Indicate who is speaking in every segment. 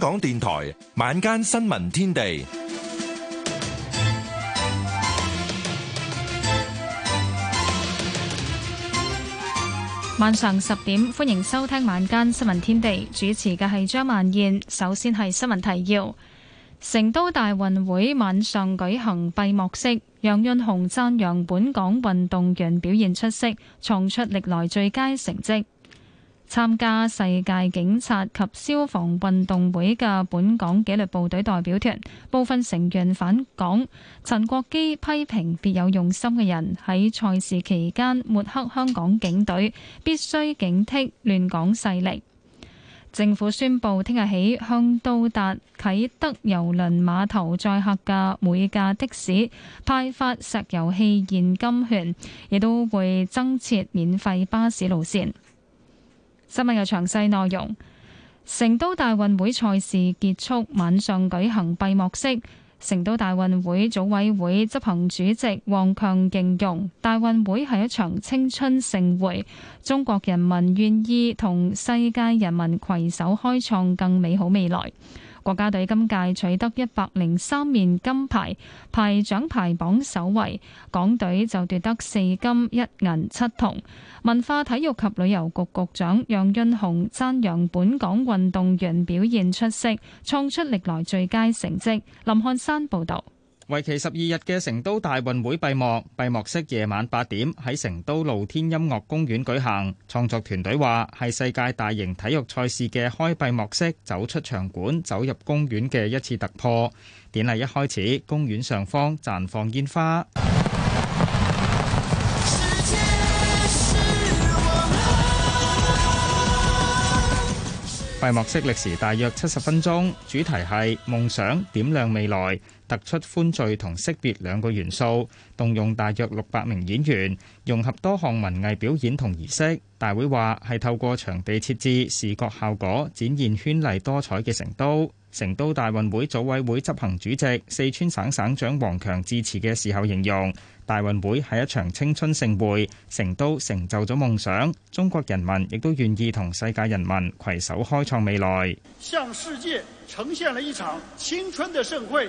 Speaker 1: 香港電台晚間新聞天地，
Speaker 2: 晚上十點，歡迎收聽晚間新聞天地，主持嘅係張曼燕。首先係新聞提要：成都大運會晚上舉行閉幕式，楊潤雄讚揚本港運動員表現出色，創出歷來最佳成績。參加世界警察及消防運動會嘅本港紀律部隊代表團部分成員返港，陳國基批評別有用心嘅人喺賽事期間抹黑香港警隊，必須警惕亂港勢力。政府宣布，聽日起向到達啟德郵輪碼頭載客嘅每架的士派發石油氣現金券，亦都會增設免費巴士路線。新聞有詳細內容，成都大運會賽事結束，晚上舉行閉幕式。成都大運會組委會執行主席王強形容，大運會係一場青春盛會，中國人民願意同世界人民携手開創更美好未來。國家隊今屆取得一百零三面金牌，排獎牌榜首位。港隊就奪得四金一銀七銅。文化體育及旅遊局局長楊潤雄讚揚本港運動員表現出色，創出歷來最佳成績。林漢山報導。
Speaker 3: 為期十二日嘅成都大運會閉幕，閉幕式夜晚八點喺成都露天音樂公園舉行。創作團隊話，係世界大型體育賽事嘅開閉幕式，走出場館走入公園嘅一次突破。典禮一開始，公園上方綻放煙花。閉幕式歷時大約七十分鐘，主題係夢想點亮未來。突出歡聚同識別兩個元素，動用大約六百名演員，融合多項文藝表演同儀式。大會話係透過場地設置視覺效果，展現絢麗多彩嘅成都。成都大運會組委會執行主席四川省省長王強致辭嘅時候形容，大運會係一場青春盛會，成都成就咗夢想，中國人民亦都願意同世界人民攜手開創未來，
Speaker 4: 向世界呈現了一場青春的盛會。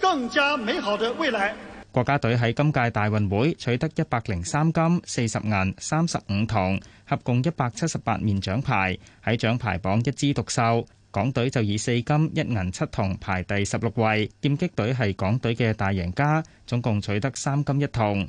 Speaker 4: 更加美好的未來。
Speaker 3: 國家隊喺今屆大運會取得一百零三金、四十銀、三十五銅，合共一百七十八面獎牌，喺獎牌榜一枝獨秀。港隊就以四金一銀七銅排第十六位。劍擊隊係港隊嘅大贏家，總共取得三金一銅。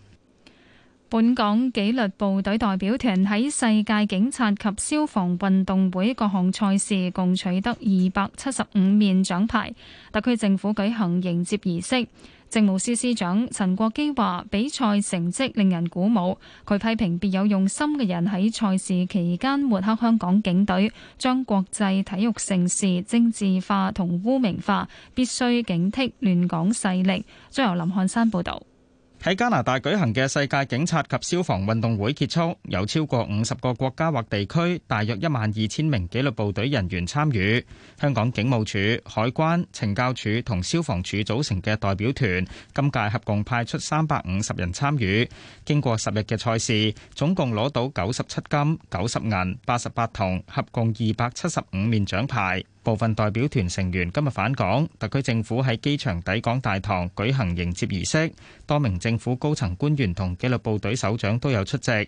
Speaker 2: 本港紀律部隊代表團喺世界警察及消防運動會各項賽事共取得二百七十五面獎牌，特區政府舉行迎接儀式。政務司司長陳國基話，比賽成績令人鼓舞。佢批評別有用心嘅人喺賽事期間抹黑香港警隊，將國際體育盛事政治化同污名化，必須警惕亂港勢力。將由林漢山報道。
Speaker 3: 喺加拿大舉行嘅世界警察及消防運動會結束，有超過五十個國家或地區，大約一萬二千名紀律部隊人員參與。香港警務處、海關、懲教處同消防處組成嘅代表團，今屆合共派出三百五十人參與。經過十日嘅賽事，總共攞到九十七金、九十銀、八十八銅，合共二百七十五面獎牌。部分代表團成員今日返港，特區政府喺機場抵港大堂舉行迎接儀式，多名政府高層官員同紀律部隊首長都有出席。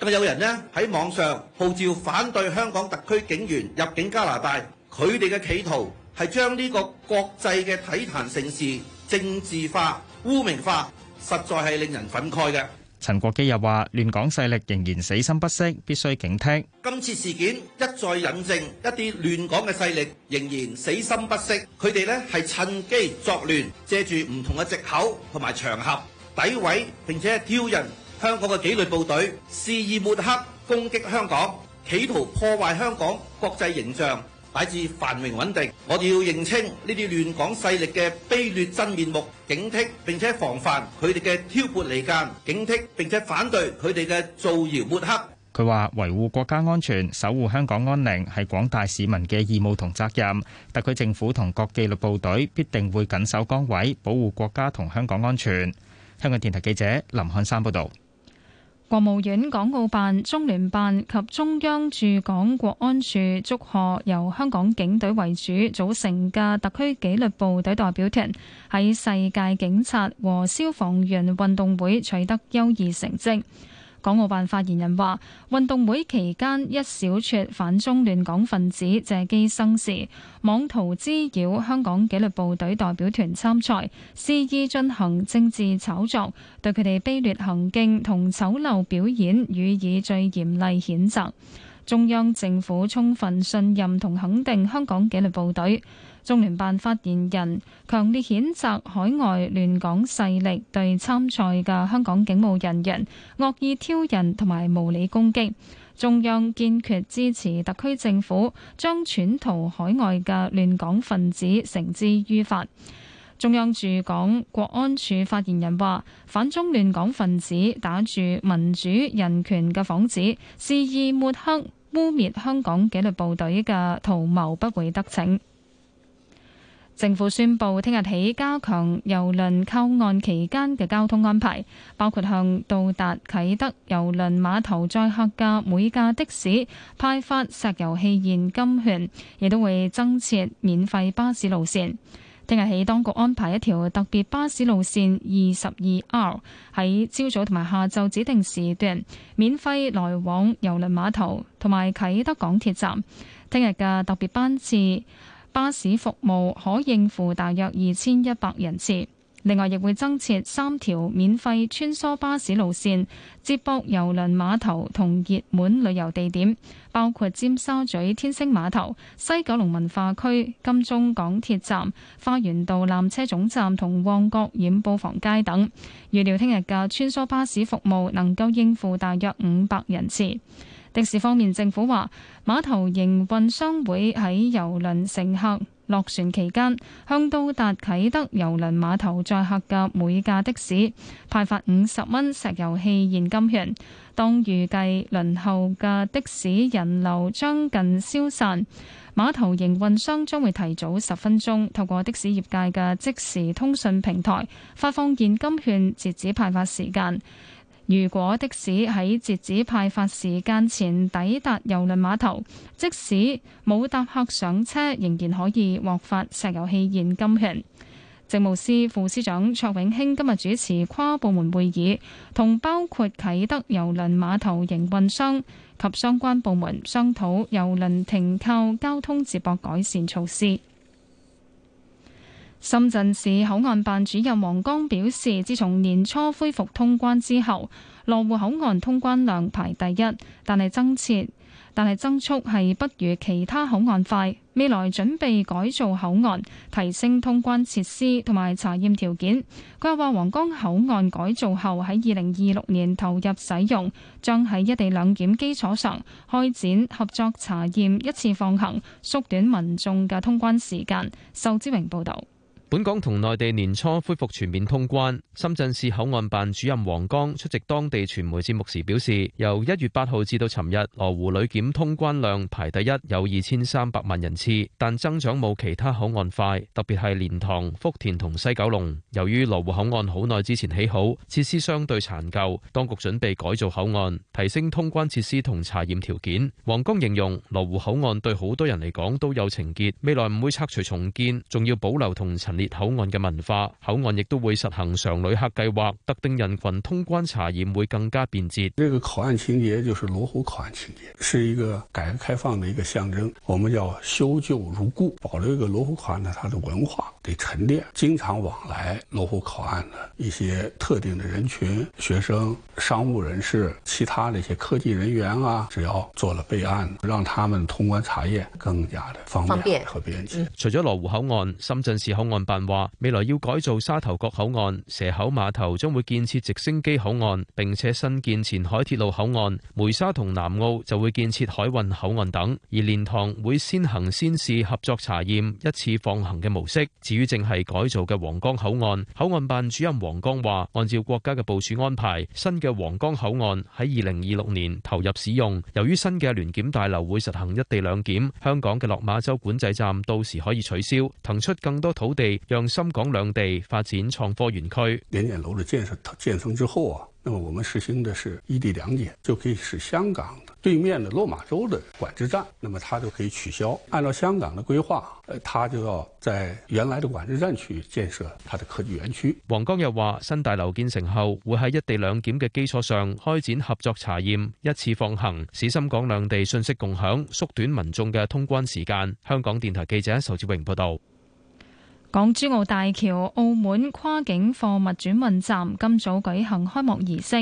Speaker 1: 咁有人咧喺網上號召反對香港特區警員入境加拿大，佢哋嘅企圖係將呢個國際嘅體壇盛事政治化、污名化，實在係令人憤慨嘅。
Speaker 3: 陳國基又話：亂港勢力仍然死心不息，必須警惕。
Speaker 1: 今次事件一再引證一啲亂港嘅勢力仍然死心不息，佢哋咧係趁機作亂，借住唔同嘅藉口同埋場合，詆毀並且挑釁香港嘅紀律部隊肆意抹黑攻擊香港，企圖破壞香港國際形象乃至繁榮穩定。我哋要認清呢啲亂港勢力嘅卑劣真面目，警惕並且防範佢哋嘅挑撥離間，警惕並且反對佢哋嘅造謠抹黑。
Speaker 3: 佢話：維護國家安全，守護香港安寧係廣大市民嘅義務同責任。特區政府同各紀律部隊必定會緊守崗位，保護國家同香港安全。香港電台記者林漢山報導。
Speaker 2: 國務院港澳辦、中聯辦及中央駐港國安處祝賀由香港警隊為主組成嘅特區紀律部隊代表團喺世界警察和消防員運動會取得優異成績。港澳辦發言人話，運動會期間，一小撮反中亂港分子借機生事，妄圖滋擾香港紀律部隊代表團參賽，肆意進行政治炒作，對佢哋卑劣行徑同醜陋表演予以最嚴厲譴責。中央政府充分信任同肯定香港紀律部隊。中聯辦發言人強烈譴責海外亂港勢力對參賽嘅香港警務人員惡意挑釁同埋無理攻擊，中央堅決支持特區政府將竄逃海外嘅亂港分子繩之於法。中央駐港國安署發言人話：反中亂港分子打住民主人權嘅幌子，肆意抹黑污蔑香港紀律部隊嘅圖謀不會得逞。政府宣布，聽日起加強郵輪靠岸期間嘅交通安排，包括向到達啟德郵輪碼頭載客嘅每架的士派發石油氣現金券，亦都會增設免費巴士路線。聽日起，當局安排一條特別巴士路線二十二 R，喺朝早同埋下晝指定時段免費來往郵輪碼頭同埋啟德港鐵站。聽日嘅特別班次。巴士服務可應付大約二千一百人次，另外亦會增設三條免費穿梭巴士路線，接駁郵輪碼頭同熱門旅遊地點，包括尖沙咀天星碼頭、西九龍文化區、金鐘港鐵站、花園道纜車總站同旺角染布房街等。預料聽日嘅穿梭巴士服務能夠應付大約五百人次。的士方面，政府話碼頭營運商會喺郵輪乘客落船期間向到達啟德郵輪碼頭載客嘅每架的士派發五十蚊石油氣現金券。當預計輪候嘅的，的士人流將近消散，碼頭營運商將會提早十分鐘透過的士業界嘅即時通訊平台發放現金券，截止派發時間。如果的士喺截止派發時間前抵達郵輪碼頭，即使冇搭客上車，仍然可以獲發石油氣現金券。政務司副司長卓永興今日主持跨部門會議，同包括啟德郵輪碼頭營運商及相關部門商討郵輪停靠交通接駁改善措施。深圳市口岸辦主任王剛表示，自從年初恢復通關之後，羅湖口岸通關量排第一，但係增設，但係增速係不如其他口岸快。未來準備改造口岸，提升通關設施同埋查驗條件。佢又話：皇崗口岸改造後喺二零二六年投入使用，將喺一地兩檢基礎上開展合作查驗一次放行，縮短民眾嘅通關時間，仇之榮報道。
Speaker 5: 本港同內地年初恢復全面通關，深圳市口岸辦主任黃江出席當地傳媒節目時表示，由一月八號至到尋日，羅湖旅檢通關量排第一，有二千三百萬人次，但增長冇其他口岸快。特別係蓮塘、福田同西九龍，由於羅湖口岸好耐之前起好，設施相對殘舊，當局準備改造口岸，提升通關設施同查驗條件。黃江形容羅湖口岸對好多人嚟講都有情結，未來唔會拆除重建，仲要保留同陳。口岸嘅文化，口岸亦都會實行常旅客計劃，特定人群通關查驗會更加便捷。
Speaker 6: 這個口岸情節就是羅湖口岸情節，是一個改革開放
Speaker 1: 的一個象徵。我們要修舊如故，保留一個羅湖口岸，它的文化得沉
Speaker 6: 澱，經常往來羅湖口岸嘅一些特定的人群，學生、商務人士、其他那些科技人員啊，只要做了備案，讓他們
Speaker 5: 通關查驗更加的方便
Speaker 1: 和便捷。
Speaker 5: 除咗羅湖口岸，深圳市口岸。但話未來要改造沙頭角口岸、蛇口碼頭，將會建設直升機口岸；並且新建前海鐵路口岸、梅沙同南澳就會建設海運口岸等。而蓮塘會先行先試合作查驗一次放行嘅模式。至於淨係改造嘅皇崗口岸，口岸辦主任黃剛話：按照國家嘅部署安排，新嘅皇崗口岸喺二零二六年投入使用。由於新嘅聯檢大樓會實行一地兩檢，香港嘅落馬洲管制站到時可以取消，騰出更多土地。讓深港兩地發展創科園區。年檢樓的建
Speaker 1: 設建成之後啊，那麼我們
Speaker 6: 實行的是一地兩檢，就可以使香港的對面的落馬洲的管制站，那麼它就可以取消。按照香港的規劃，它就要在原來的管制站
Speaker 5: 去建設它的科技園區。黃江又話：新大樓建成後，會喺一地兩檢嘅基礎上開展合作查驗，一次放行，使深港兩地信息共享，縮短民眾嘅通關時間。香港電台記者仇志榮報道。
Speaker 2: 港珠澳大橋澳門跨境貨物轉運站今早舉行開幕儀式，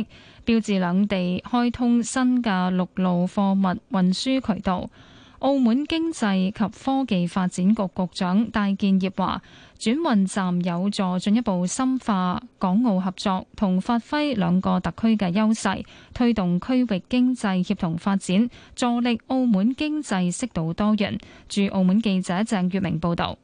Speaker 2: 標誌兩地開通新嘅陸路貨物運輸渠道。澳門經濟及科技發展局局長戴建業話：轉運站有助進一步深化港澳合作，同發揮兩個特區嘅優勢，推動區域經濟協同發展，助力澳門經濟適度多元。駐澳門記者鄭月明報導。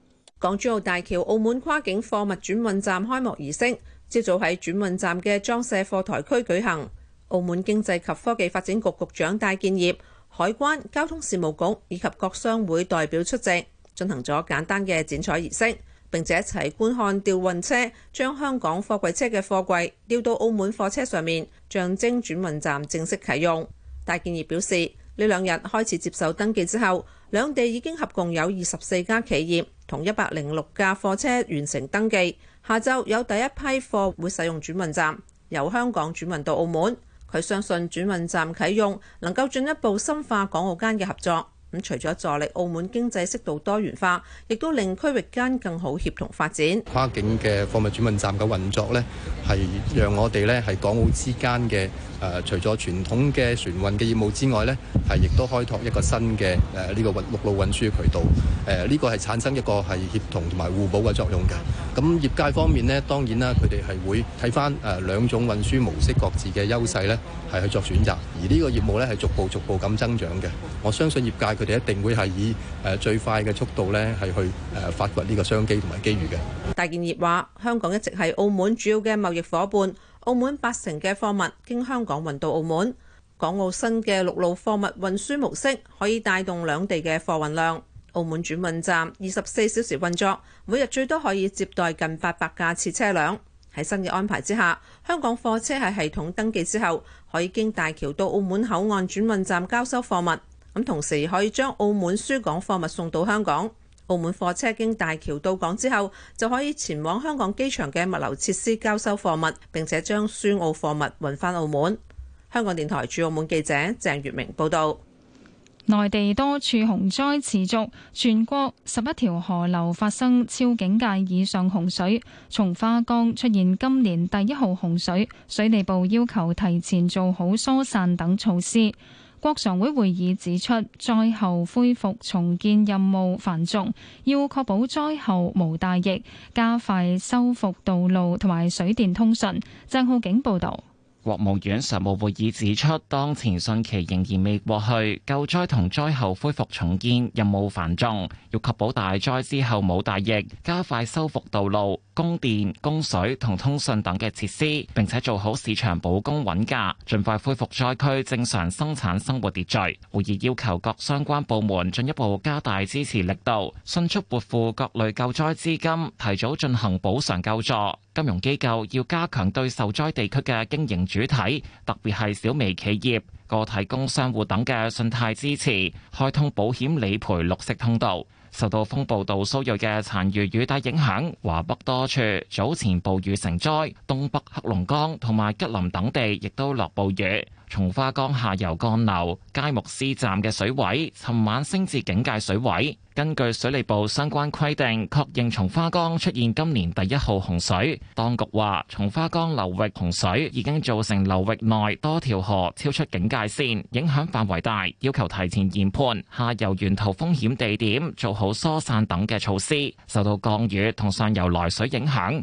Speaker 7: 港珠澳大橋澳門跨境貨物轉運站開幕儀式，朝早喺轉運站嘅裝卸貨台區舉行。澳門經濟及科技發展局局長戴建業、海關、交通事務局以及各商會代表出席，進行咗簡單嘅剪彩儀式，並且一齊觀看吊運車將香港貨櫃車嘅貨櫃吊到澳門貨車上面，象徵轉運站正式啟用。戴建業表示。呢兩日開始接受登記之後，兩地已經合共有二十四家企業同一百零六架貨車完成登記。下晝有第一批貨會使用轉運站，由香港轉運到澳門。佢相信轉運站啟用能夠進一步深化港澳間嘅合作。咁除咗助力澳門經濟適度多元化，亦都令區域間更好協同發展。
Speaker 1: 跨境嘅貨物轉運站嘅運作呢，係讓我哋呢係港澳之間嘅。誒，除咗傳統嘅船運嘅業務之外呢，係亦都開拓一個新嘅誒呢個運陸路運輸渠道。誒呢個係產生一個係協同同埋互補嘅作用嘅。咁業界方面呢，當然啦，佢哋係會睇翻誒兩種運輸模式各自嘅優勢呢，係去作選擇。而呢個業務呢，係逐步逐步咁增長嘅。我相信業界佢哋一定會係以誒最快嘅速度呢，係去誒發掘呢個商機同埋機遇嘅。
Speaker 7: 大建業話：香港一直係澳門主要嘅貿易伙伴。澳門八成嘅貨物經香港運到澳門，港澳新嘅陸路貨物運輸模式可以帶動兩地嘅貨運量。澳門轉運站二十四小時運作，每日最多可以接待近八百架次車輛。喺新嘅安排之下，香港貨車喺系統登記之後，可以經大橋到澳門口岸轉運站交收貨物，咁同時可以將澳門輸港貨物送到香港。澳門貨車經大橋到港之後，就可以前往香港機場嘅物流設施交收貨物，並且將輸澳貨物運翻澳門。香港電台駐澳門記者鄭月明報道：
Speaker 2: 內地多處洪災持續，全國十一條河流發生超警戒以上洪水，松花江出現今年第一號洪水，水利部要求提前做好疏散等措施。國常會會議指出，災後恢復重建任務繁重，要確保災後無大疫，加快修復道路同埋水電通訊。鄭浩景報道。
Speaker 8: 國務院常務會議指出，當前汛期仍然未過去，救災同災後恢復重建任務繁重，要確保大災之後冇大疫，加快修復道路、供電、供水同通訊等嘅設施，並且做好市場保供穩價，盡快恢復災區正常生產生活秩序。會議要求各相關部門進一步加大支持力度，迅速撥付各類救災資金，提早進行補償救助。金融機構要加強對受災地區嘅經營主體，特別係小微企業、個體工商戶等嘅信貸支持，開通保險理賠綠色通道。受到風暴杜蘇芮嘅殘餘雨帶影響，華北多處早前暴雨成災，東北黑龍江同埋吉林等地亦都落暴雨。松花江下游幹流佳木斯站嘅水位，尋晚升至警戒水位。根據水利部相關規定，確認松花江出現今年第一號洪水。當局話，松花江流域洪水已經造成流域內多條河超出警戒線，影響範圍大，要求提前研判下游源頭風險地點，做好疏散等嘅措施。受到降雨同上游來水影響。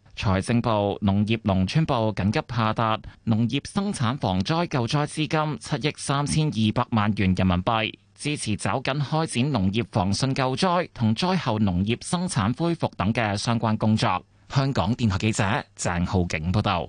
Speaker 8: 財政部、農業農村部緊急下達農業生產防災救災資金七億三千二百萬元人民幣，支持走緊開展農業防汛救災同災後農業生產恢復等嘅相關工作。香港電台記者鄭浩景報道。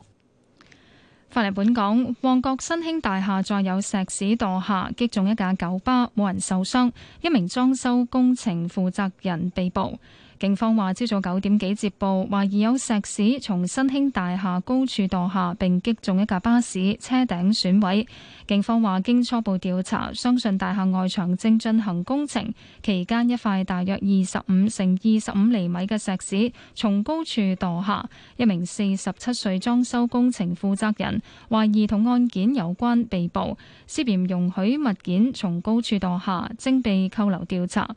Speaker 2: 返嚟本港，旺角新興大廈再有石屎墮下，擊中一架九巴，冇人受傷，一名裝修工程負責人被捕。警方話：朝早九點幾接報，懷疑有石屎從新興大廈高處墮下，並擊中一架巴士，車頂損毀。警方話：經初步調查，相信大廈外牆正進行工程，期間一塊大約二十五乘二十五厘米嘅石屎從高處墮下。一名四十七歲裝修工程負責人懷疑同案件有關，被捕。涉嫌容許物件從高處墮下，正被扣留調查。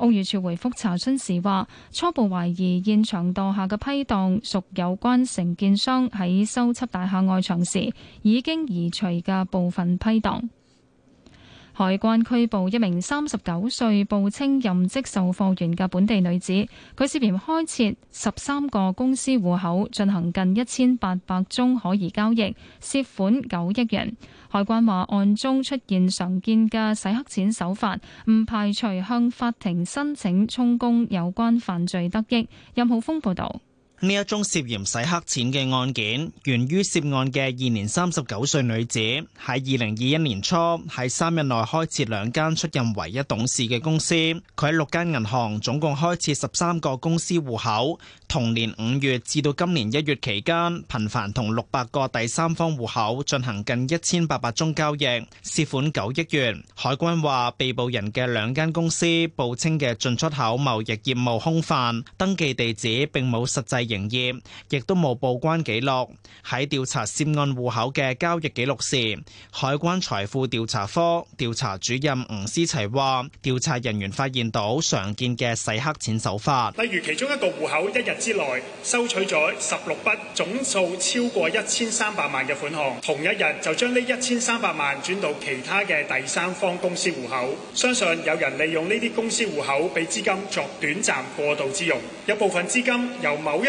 Speaker 2: 屋宇署回覆查詢時話：初步懷疑現場墮下嘅批檔屬有關承建商喺修葺大廈外牆時已經移除嘅部分批檔。海關拘捕一名三十九歲、報稱任職售貨員嘅本地女子，佢涉嫌開設十三個公司戶口，進行近一千八百宗可疑交易，涉款九億元。海關話案中出現常見嘅洗黑錢手法，唔排除向法庭申請充公有關犯罪得益。任浩峰報道。
Speaker 9: 呢一宗涉嫌洗黑錢嘅案件，源於涉案嘅二年三十九歲女子，喺二零二一年初喺三日內開設兩間出任唯一董事嘅公司。佢喺六間銀行總共開設十三個公司戶口。同年五月至到今年一月期間，頻繁同六百個第三方戶口進行近一千八百宗交易，涉款九億元。海關話，被捕人嘅兩間公司報稱嘅進出口貿易業務空泛，登記地址並冇實際。營業亦都冇報關記錄。喺調查涉案戶口嘅交易記錄時，海關財富調查科調查主任吳思齊話，調查人員發現到常見嘅洗黑錢手法，
Speaker 4: 例如其中一個戶口一日之內收取咗十六筆，總數超過一千三百萬嘅款項，同一日就將呢一千三百萬轉到其他嘅第三方公司戶口。相信有人利用呢啲公司戶口，俾資金作短暫過渡之用，有部分資金由某一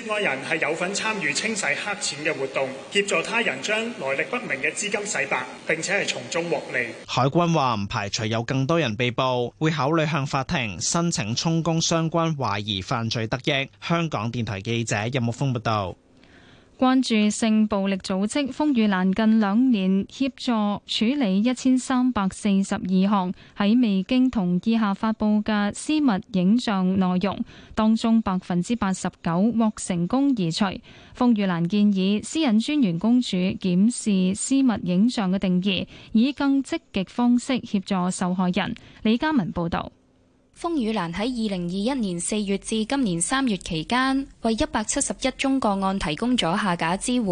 Speaker 4: 涉案人係有份參與清洗黑錢嘅活動，協助他人將來歷不明嘅資金洗白，並且係從中獲利。
Speaker 9: 海軍話，唔排除有更多人被捕，會考慮向法庭申請充公相關懷疑犯罪得益。香港電台記者任木峰報道。
Speaker 2: 關注性暴力組織風雨蘭近兩年協助處理一千三百四十二項喺未經同意下發布嘅私密影像內容，當中百分之八十九獲成功移除。風雨蘭建議私隱專員公署檢視私密影像嘅定義，以更積極方式協助受害人。李嘉文報導。風雨蘭喺二零
Speaker 10: 二一年四月至今年三月期間，為一百七十一宗個案提供咗下架支援，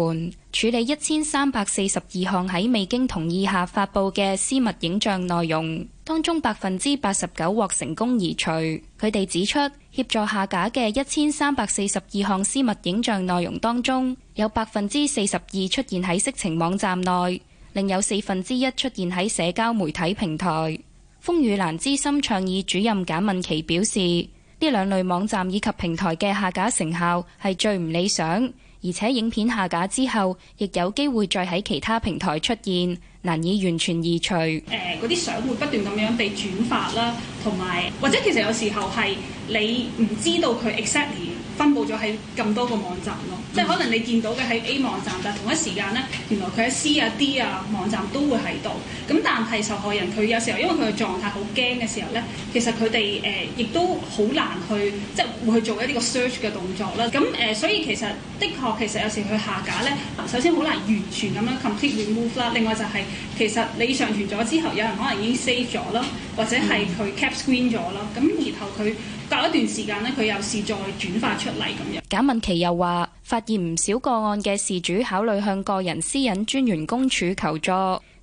Speaker 10: 處理一千三百四十二項喺未經同意下發布嘅私密影像內容，當中百分之八十九獲成功移除。佢哋指出，協助下架嘅一千三百四十二項私密影像內容當中，有百分之四十二出現喺色情網站內，另有四分之一出現喺社交媒體平台。風雨蘭資深倡議主任簡敏琪表示：呢兩類網站以及平台嘅下架成效係最唔理想，而且影片下架之後，亦有機會再喺其他平台出現。難以完全移除。
Speaker 11: 誒、呃，嗰啲相會不斷咁樣被轉發啦，同埋或者其實有時候係你唔知道佢 exactly 分佈咗喺咁多個網站咯。嗯、即係可能你見到嘅喺 A 網站，但係同一時間咧，原來佢喺 C 啊、D 啊網站都會喺度。咁但係受害人佢有時候因為佢嘅狀態好驚嘅時候咧，其實佢哋誒亦都好難去即係會去做一啲個 search 嘅動作啦。咁誒、呃，所以其實的確其實有時佢下架咧，首先好難完全咁樣 complete remove 啦。另外就係、是其實你上傳咗之後，有人可能已經 save 咗咯，或者係佢 cap screen 咗咯。咁然後佢隔一段時間呢，佢又試再轉發出嚟咁樣。
Speaker 10: 簡敏琪又話：發現唔少個案嘅事主考慮向個人私隱專員公署求助，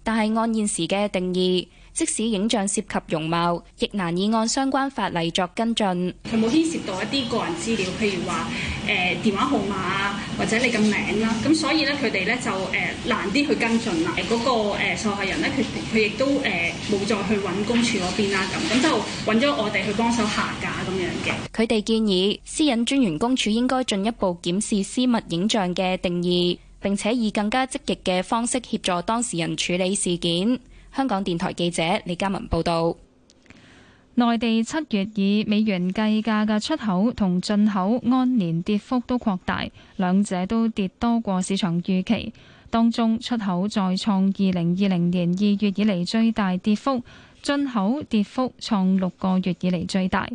Speaker 10: 但係按現時嘅定義，即使影像涉及容貌，亦難以按相關法例作跟進。
Speaker 11: 佢冇牽涉到一啲個人資料，譬如話誒、呃、電話號碼啊，或者你嘅名啦。咁所以咧，佢哋咧就誒難啲去跟進啦。嗰、那個誒受害人咧，佢佢亦都誒冇、呃、再去揾公署嗰邊啦。咁咁就揾咗我哋去幫手下架咁樣嘅。
Speaker 10: 佢哋建議私隱專員公署應該進一步檢視私密影像嘅定義，並且以更加積極嘅方式協助當事人處理事件。香港
Speaker 2: 電台記者李嘉文報道，內地七月以美元計價嘅出口同進口按年跌幅都擴大，兩者都跌多過市場預期。當中出口再創二零二零年二月以嚟最大跌幅，進口跌幅創六個月以嚟最大。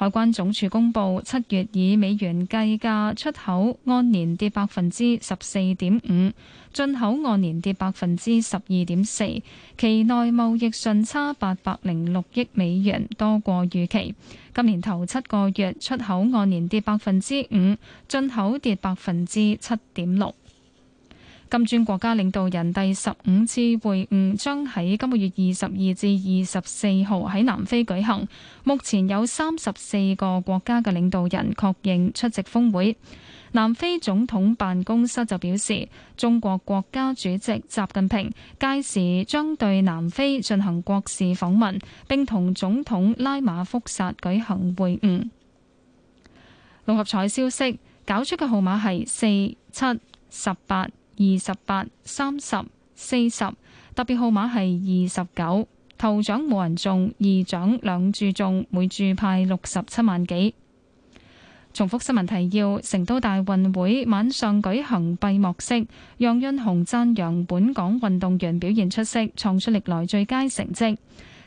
Speaker 2: 海關總署公布，七月以美元計價出口按年跌百分之十四點五，進口按年跌百分之十二點四，期內貿易順差八百零六億美元，多過預期。今年頭七個月，出口按年跌百分之五，進口跌百分之七點六。金磚國家領導人第十五次會晤將喺今個月二十二至二十四號喺南非舉行，目前有三十四個國家嘅領導人確認出席峰會。南非總統辦公室就表示，中國國家主席習近平屆時將對南非進行國事訪問，並同總統拉馬福薩舉行會晤。六合彩消息，攪出嘅號碼係四七十八。二十八、三十、四十，特別號碼係二十九。頭獎冇人中，二獎兩注中，每注派六十七萬幾。重複新聞提要：成都大運會晚上舉行閉幕式，楊潤雄讚揚本港運動員表現出色，創出歷來最佳成績。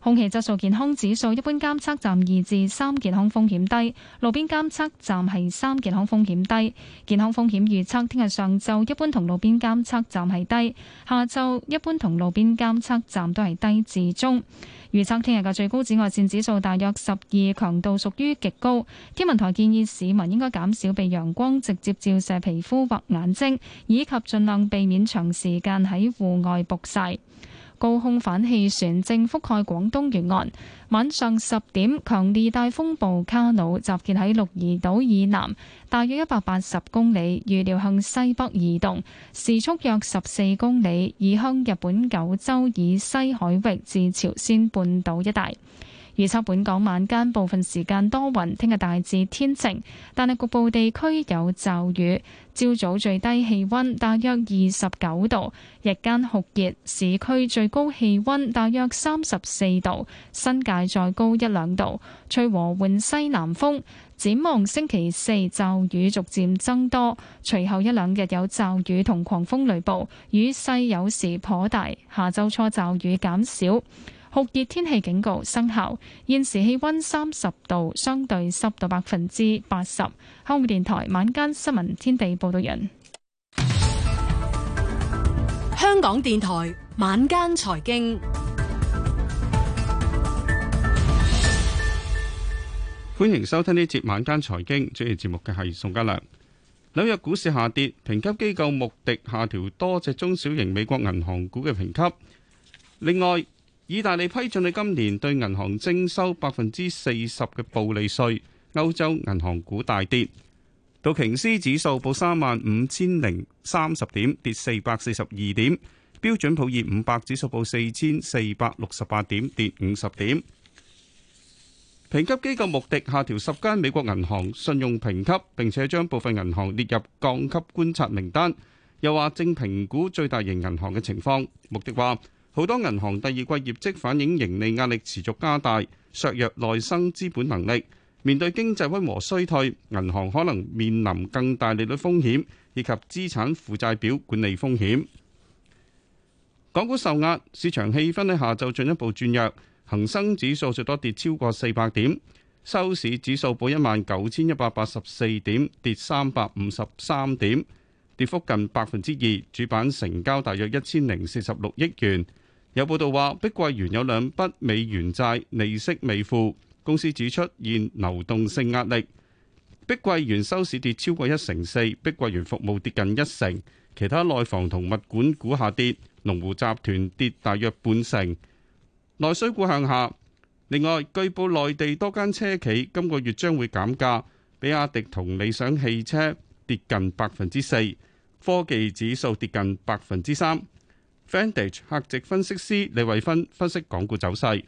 Speaker 2: 空氣質素健康指數一般監測站二至三健康風險低，路邊監測站係三健康風險低。健康風險預測聽日上晝一般同路邊監測站係低，下晝一般同路邊監測站都係低至中。預測聽日嘅最高紫外線指數大約十二，強度屬於極高。天文台建議市民應該減少被陽光直接照射皮膚或眼睛，以及盡量避免長時間喺戶外曝晒。高空反氣旋正覆蓋廣東沿岸，晚上十點，強烈大風暴卡努集結喺鹿兒島以南，大約一百八十公里，預料向西北移動，時速約十四公里，以向日本九州以西海域至朝鮮半島一帶。預測本港晚間部分時間多雲，聽日大致天晴，但係局部地區有驟雨。朝早最低氣溫大約二十九度，日間酷熱，市區最高氣溫大約三十四度，新界再高一兩度。吹和緩西南風。展望星期四驟雨逐漸增多，隨後一兩日有驟雨同狂風雷暴，雨勢有時頗大。下周初驟雨減少。酷熱天氣警告生效，現時氣溫三十度，相對濕度百分之八十。香港電台晚間新聞天地報道人,香港電台晚間財經。
Speaker 6: 歡迎收聽呢節晚間財經，主持節目嘅係宋嘉良。紐約股市下跌，評級機構穆迪下調多隻中小型美國銀行股嘅評級。另外。意大利批准咗今年對銀行徵收百分之四十嘅暴利稅，歐洲銀行股大跌。道瓊斯指數報三萬五千零三十點，跌四百四十二點；標準普爾五百指數報四千四百六十八點，跌五十點。評級機構穆迪下調十間美國銀行信用評級，並且將部分銀行列入降級觀察名單，又話正評估最大型銀行嘅情況。穆迪話。好多銀行第二季業績反映盈利壓力持續加大，削弱內生資本能力。面對經濟溫和衰退，銀行可能面臨更大利率風險以及資產負債表管理風險。港股受壓，市場氣氛喺下晝進一步轉弱。恆生指數最多跌超過四百點，收市指數報一萬九千一百八十四點，跌三百五十三點。跌幅近百分之二，主板成交大約一千零四十六億元。有報道話，碧桂園有兩筆美元債利息未付，公司指出現流動性壓力。碧桂園收市跌超過一成四，碧桂園服務跌近一成，其他內房同物管股下跌，龍湖集團跌大約半成，內需股向下。另外，據報內地多間車企今個月將會減價，比亞迪同理想汽車跌近百分之四。科技指數跌近百分之三。Vantage 客席分析師李慧芬分析港股走勢。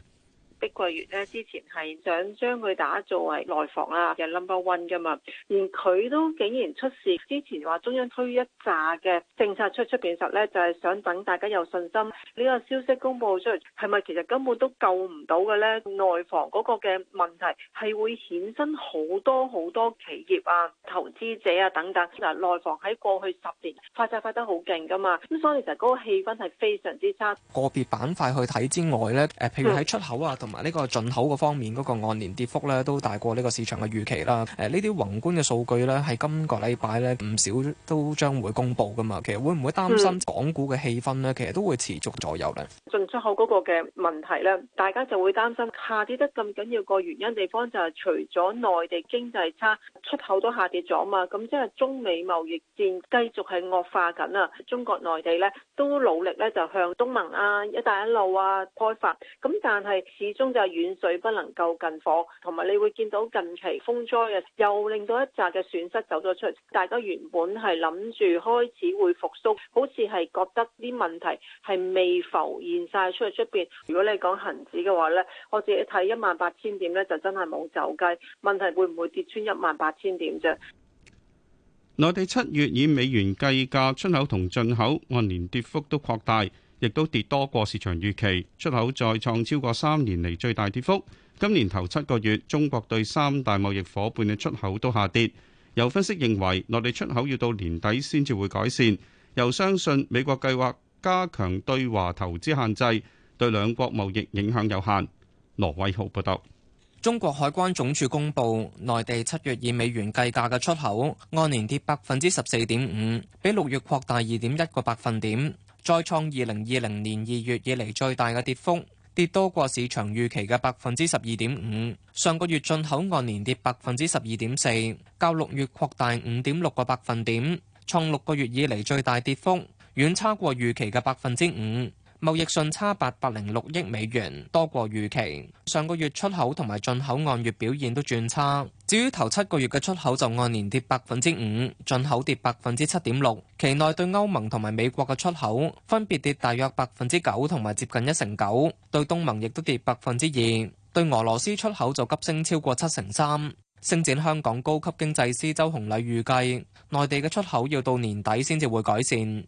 Speaker 12: 碧桂園咧之前係想將佢打造為內房啊，number one 噶嘛，連佢都竟然出事。之前話中央推一揸嘅政策出出邊實咧，就係想等大家有信心。呢個消息公布出嚟，係咪其實根本都救唔到嘅咧？內房嗰個嘅問題係會衍生好多好多企業啊、投資者啊等等。嗱，內房喺過去十年發債發得好勁噶嘛，咁所以其實嗰個氣氛係非常之差。
Speaker 13: 個別板塊去睇之外咧，誒，譬如喺出口啊同。同埋呢個進口個方面嗰個按年跌幅咧都大過呢個市場嘅預期啦。誒，呢啲宏觀嘅數據咧，係今個禮拜咧唔少都將會公布噶嘛。其實會唔會擔心港股嘅氣氛咧，其實都會持續咗右
Speaker 12: 咧。進出口嗰個嘅問題咧，大家就會擔心下跌得咁緊要個原因地方就係除咗內地經濟差，出口都下跌咗啊嘛。咁即係中美貿易戰繼續係惡化緊啊。中國內地咧都努力咧就向東盟啊、一帶一路啊開發，咁但係市。中就係遠水不能救近火，同埋你會見到近期風災嘅，又令到一扎嘅損失走咗出嚟。大家原本係諗住開始會復甦，好似係覺得啲問題係未浮現晒出嚟出邊。如果你講恒指嘅話呢，我自己睇一萬八千點呢，就真係冇走雞。問題會唔會跌穿一萬八千點啫？
Speaker 6: 內地七月以美元計價出口同進口按年跌幅都擴大。亦都跌多過市場預期，出口再創超過三年嚟最大跌幅。今年頭七個月，中國對三大貿易伙伴嘅出口都下跌。有分析認為，內地出口要到年底先至會改善。又相信美國計劃加強對華投資限制，對兩國貿易影響有限。羅偉豪報道。中國
Speaker 13: 海關總署公布，內地七月以美元計價嘅出口按年跌百分之十四點五，比六月擴大二點一個百分點。再創二零二零年二月以嚟最大嘅跌幅，跌多過市場預期嘅百分之十二點五。上個月進口按年跌百分之十二點四，較六月擴大五點六個百分點，創六個月以嚟最大跌幅，遠超過預期嘅百分之五。貿易順差八百零六億美元，多過預期。上個月出口同埋進口按月表現都轉差。至於頭七個月嘅出口就按年跌百分之五，進口跌百分之七點六。期內對歐盟同埋美國嘅出口分別跌大約百分之九同埋接近一成九，對東盟亦都跌百分之二，對俄羅斯出口就急升超過七成三。星展香港高級經濟師周洪禮預計，內地嘅出口要到年底先至會改善。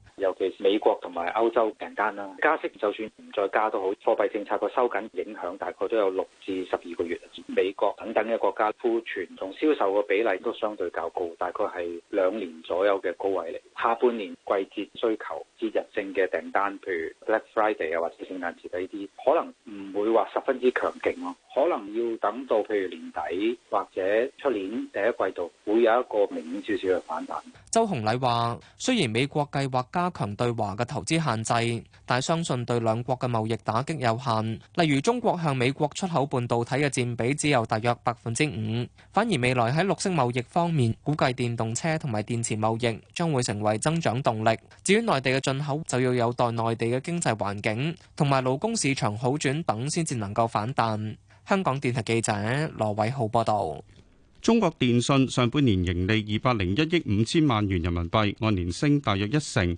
Speaker 3: 美國同埋歐洲訂單啦，加息就算唔再加都好，貨幣政策個收緊影響大概都有六至十二個月。美國
Speaker 1: 等等嘅國家庫存同銷售個比例都相對較高，大概係兩年左右嘅高位嚟。下半年季節需求、節日性嘅訂單，譬如 Black Friday 啊，或者聖誕節呢啲，可能唔會話十分之強勁咯。可能要等到譬如年底或者出年第一季度，會有一個明顯少少嘅反彈。
Speaker 13: 周洪禮話：雖然美國計劃加強對華嘅投資限制，但相信對兩國嘅貿易打擊有限。例如，中國向美國出口半導體嘅佔比只有大約百分之五，反而未來喺綠色貿易方面，估計電動車同埋電池貿易將會成為增長動力。至於內地嘅進口，就要有待內地嘅經濟環境同埋勞工市場好轉等，先至能夠反彈。香港電台記者羅偉
Speaker 6: 浩報道。中國電信上半年盈利二百零一億五千萬元人民幣，按年升大約一成，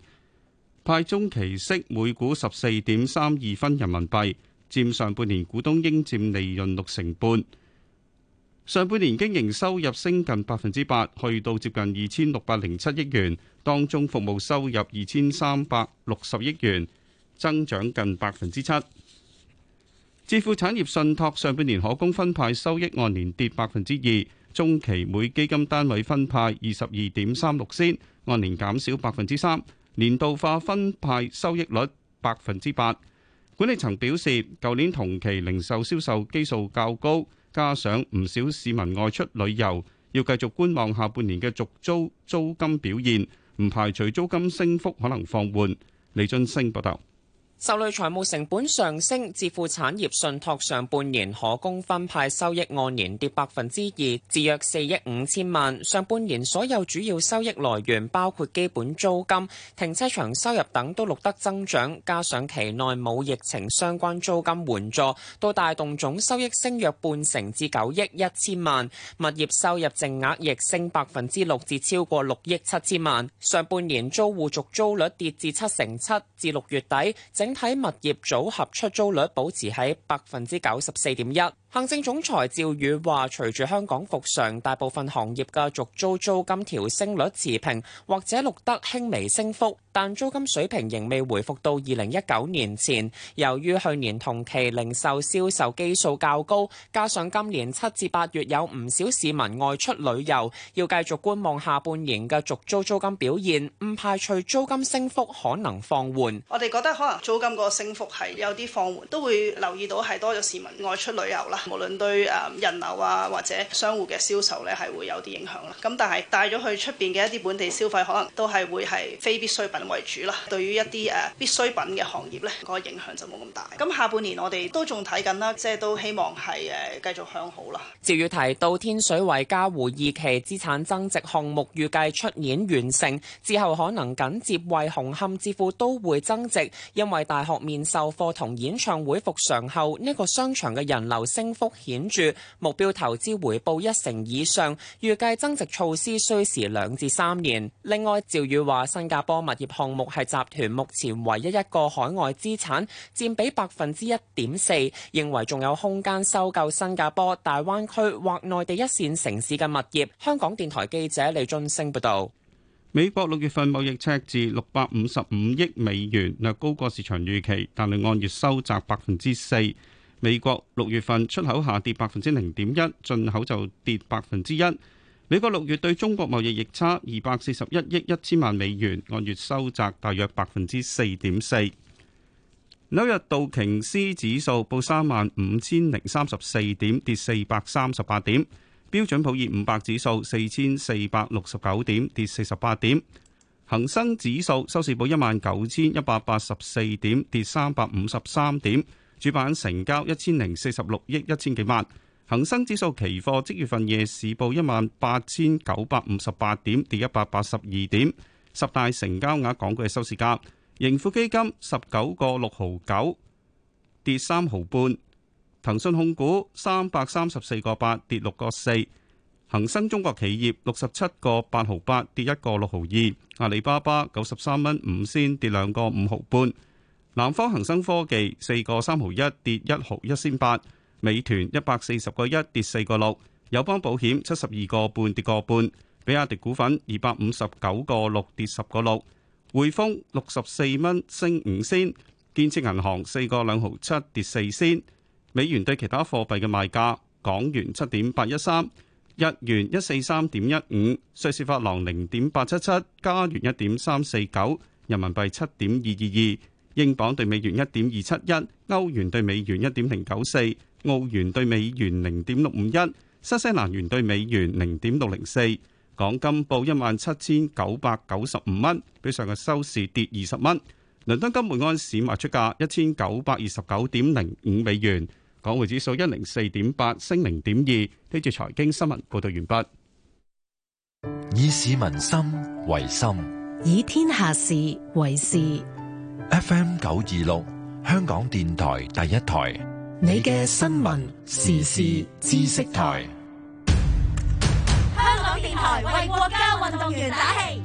Speaker 6: 派中期息每股十四點三二分人民幣，佔上半年股東應佔利潤六成半。上半年經營收入升近百分之八，去到接近二千六百零七億元，當中服務收入二千三百六十億元，增長近百分之七。置富產業信託上半年可供分派收益按年跌百分之二。中期每基金單位分派二十二點三六仙，按年減少百分之三，年度化分派收益率百分之八。管理層表示，舊年同期零售銷售基數較高，加上唔少市民外出旅遊，要繼續觀望下半年嘅續租租金表現，唔排除租金升幅可能放緩，李俊升報道。
Speaker 14: 受累財務成本上升，置富產業信託上半年可供分派收益按年跌百分之二，至約四億五千萬。上半年所有主要收益來源，包括基本租金、停車場收入等，都錄得增長，加上期內冇疫情相關租金援助，都帶動總收益升約半成至九億一千萬。物業收入淨額亦升百分之六至超過六億七千萬。上半年租戶續租率跌至七成七，至六月底。整體物業組合出租率保持喺百分之九十四點一。行政總裁趙宇話，隨住香港復常，大部分行業嘅續租租金調升率持平或者錄得輕微升幅，但租金水平仍未回復到二零一九年前。由於去年同期零售銷售，銷售基數較高，加上今年七至八月有唔少市民外出旅遊，要繼續觀望下半年嘅續租租金表現，唔排除租金升幅可能放緩。
Speaker 11: 我哋覺得可能租租金個升幅係有啲放緩，都會留意到係多咗市民外出旅遊啦。無論對誒人流啊，或者商戶嘅銷售咧，係會有啲影響啦。咁但係帶咗去出邊嘅一啲本地消費，可能都係會係非必需品為主啦。對於一啲誒必需品嘅行業咧，個影響就冇咁大。咁下半年我哋都仲睇緊啦，即係都希望係誒繼續向好啦。
Speaker 13: 趙
Speaker 14: 宇提到，到天水圍嘉湖二期資產增值項目預計出年完成，之後，可能緊接會紅磡置富都會增值，因為大學面授課同演唱會復常後，呢、這個商場嘅人流升幅顯著，目標投資回報一成以上，預計增值措施需時兩至三年。另外，趙宇話新加坡物業項目係集團目前唯一一個海外資產，佔比百分之一點四，認為仲有空間收購新加坡、大灣區或內地一線城市嘅物業。香港電台記者李俊升報道。
Speaker 6: 美國六月份貿易赤字六百五十五億美元，略高過市場預期，但係按月收窄百分之四。美國六月份出口下跌百分之零點一，進口就跌百分之一。美國六月對中國貿易逆差二百四十一億一千萬美元，按月收窄大約百分之四點四。紐約道瓊斯指數報三萬五千零三十四點，跌四百三十八點。標準普爾五百指數四千四百六十九點，跌四十八點。恒生指數收市報一萬九千一百八十四點，跌三百五十三點。主板成交一千零四十六億一千幾萬。恒生指數期貨即月份夜市報一萬八千九百五十八點，跌一百八十二點。十大成交額港股嘅收市價，盈富基金十九個六毫九，跌三毫半。騰訊控股三百三十四個八，跌六個四，恒生中國企業六十七個八毫八，跌一個六毫二，阿里巴巴九十三蚊五仙，跌兩個五毫半，南方恒生科技四個三毫一，跌一毫一仙八，美團一百四十個一，跌四個六，友邦保險七十二個半，跌個半，比亞迪股份二百五十九個六，跌十個六，匯豐六十四蚊，升五仙，建設銀行四個兩毫七，跌四仙。美元對其他貨幣嘅賣價：港元七點八一三，日元一四三點一五，瑞士法郎零點八七七，加元一點三四九，人民幣七點二二二，英鎊對美元一點二七一，歐元對美元一點零九四，澳元對美元零點六五一，新西蘭元對美元零點六零四。港金報一萬七千九百九十五蚊，比上日收市跌二十蚊。倫敦金每安士賣出價一千九百二十九點零五美元。港匯指數一零四點八升，零點二，呢段財經新聞報道完畢。
Speaker 7: 以市民
Speaker 6: 心為心，以天下事為事。FM 九二六，香港
Speaker 4: 電台第一台，你嘅新聞時事知識台。
Speaker 7: 香港電台為國家運動員打氣。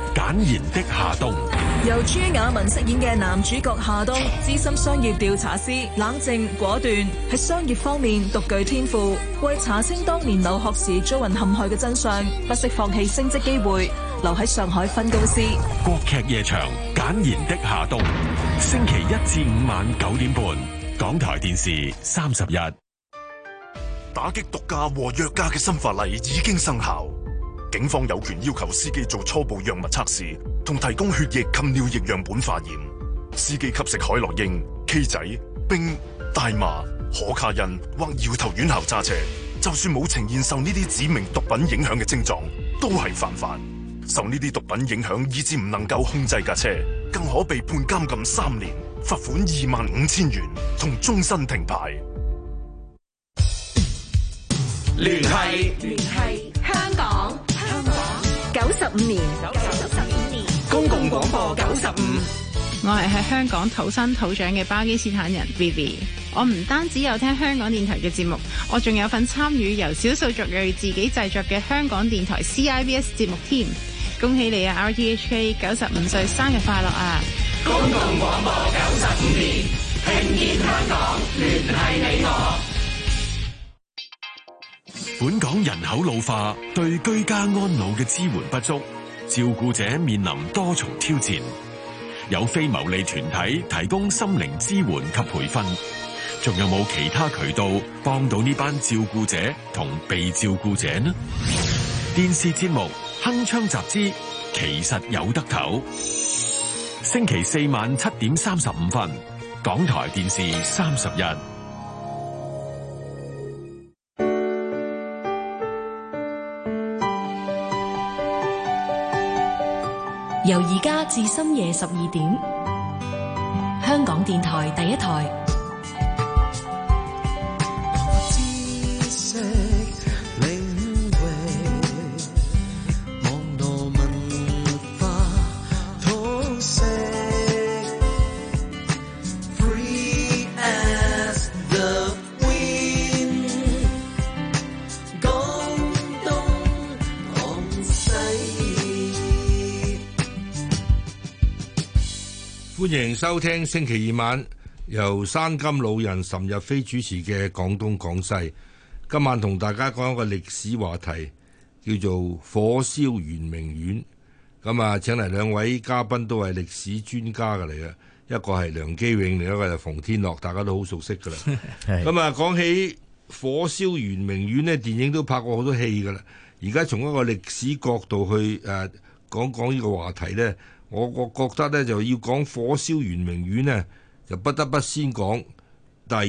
Speaker 4: 簡言的夏冬
Speaker 7: 由朱亞文飾演嘅男主角夏冬，資深商業調查師，冷靜果斷，喺商業方面獨具天賦。為查清當年留學時遭人陷害嘅真相，不惜放棄升職機會，留喺上海分公司。
Speaker 4: 國劇夜場，簡言的夏冬，星期一至五晚九點半，港台電視三十一。打擊毒駕和藥駕嘅新法例已經生效。警方有權要求司機做初步藥物測試，同提供血液及尿液樣本化驗。司機吸食海洛因、K 仔、冰、大麻、可卡因或搖頭丸後揸車，就算冇呈現受呢啲指明毒品影響嘅症狀，都係犯法。受呢啲毒品影響，以致唔能夠控制架車，更可被判監禁三年，罰款二萬五千元，同終身停牌。
Speaker 1: 聯繫聯
Speaker 12: 繫香港。九十五
Speaker 11: 年，
Speaker 14: 九十五年，公共廣播九十五，
Speaker 12: 我係喺香港土生土長嘅巴基斯坦人 Vivi，我唔單止有聽香港電台嘅節目，我仲有份參與由少數族裔自己製作嘅香港電台 CIBS 節目添。恭喜你啊，RTHK 九十五歲生日快樂啊！
Speaker 14: 公共廣播九
Speaker 11: 十五年，聽
Speaker 14: 見香港，
Speaker 12: 聯繫你我。
Speaker 4: 本港人口老化，對居家安老嘅支援不足，照顧者面臨多重挑戰。有非牟利團體提供心靈支援及培訓，仲有冇其他渠道幫到呢班照顧者同被照顧者呢？電視節目《鏗鏘集資》，其實有得投。星期四晚七點三十五分，港台電視三十日。
Speaker 13: 至深夜十二點，香
Speaker 12: 港電台第一台。
Speaker 1: 歡迎收聽星期二晚由山金老人、岑日飛主持嘅《廣東廣西》。今晚同大家講一個歷史話題，叫做《火燒圓明園》。咁、嗯、啊，請嚟兩位嘉賓都係歷史專家嘅嚟嘅，一個係梁基永，另一個就馮天樂，大家都好熟悉噶啦。咁啊、 嗯，講起火燒圓明園呢，電影都拍過好多戲噶啦。而家從一個歷史角度去誒、啊、講講呢個話題呢。我我覺得咧就要講火燒圓明園呢，就不得不先講第二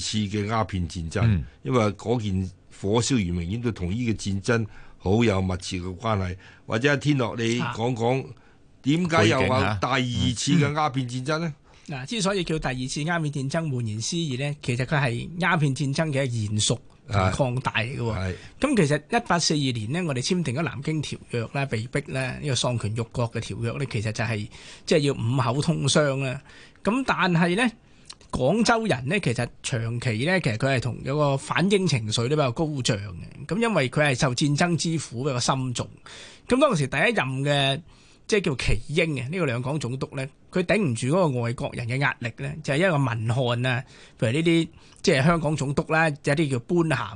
Speaker 1: 次嘅鴉片戰爭，因為嗰件火燒圓明園都同呢個戰爭好有密切嘅關係。或者阿天樂，你講講點解又話第二次嘅鴉片戰爭呢？嗱、啊
Speaker 3: 啊嗯嗯嗯啊，之所以叫第二次鴉片戰爭換言思義呢，其實佢係鴉片戰爭嘅延續。擴大嚟嘅喎，咁的其實一八四二年呢，我哋簽訂咗《南京條約》咧，被逼咧呢個喪權辱國嘅條約呢，其實就係即係要五口通商啦。咁但係呢，廣州人呢，其實長期呢，其實佢係同有個反英情緒都比較高漲嘅。咁因為佢係受戰爭之苦比較深重。咁當時第一任嘅。即係叫奇英啊，呢個兩港總督咧，佢頂唔住個外國人嘅壓力咧，就係因為個文漢啊，譬如呢啲即係香港總督啦，就係啲叫搬客。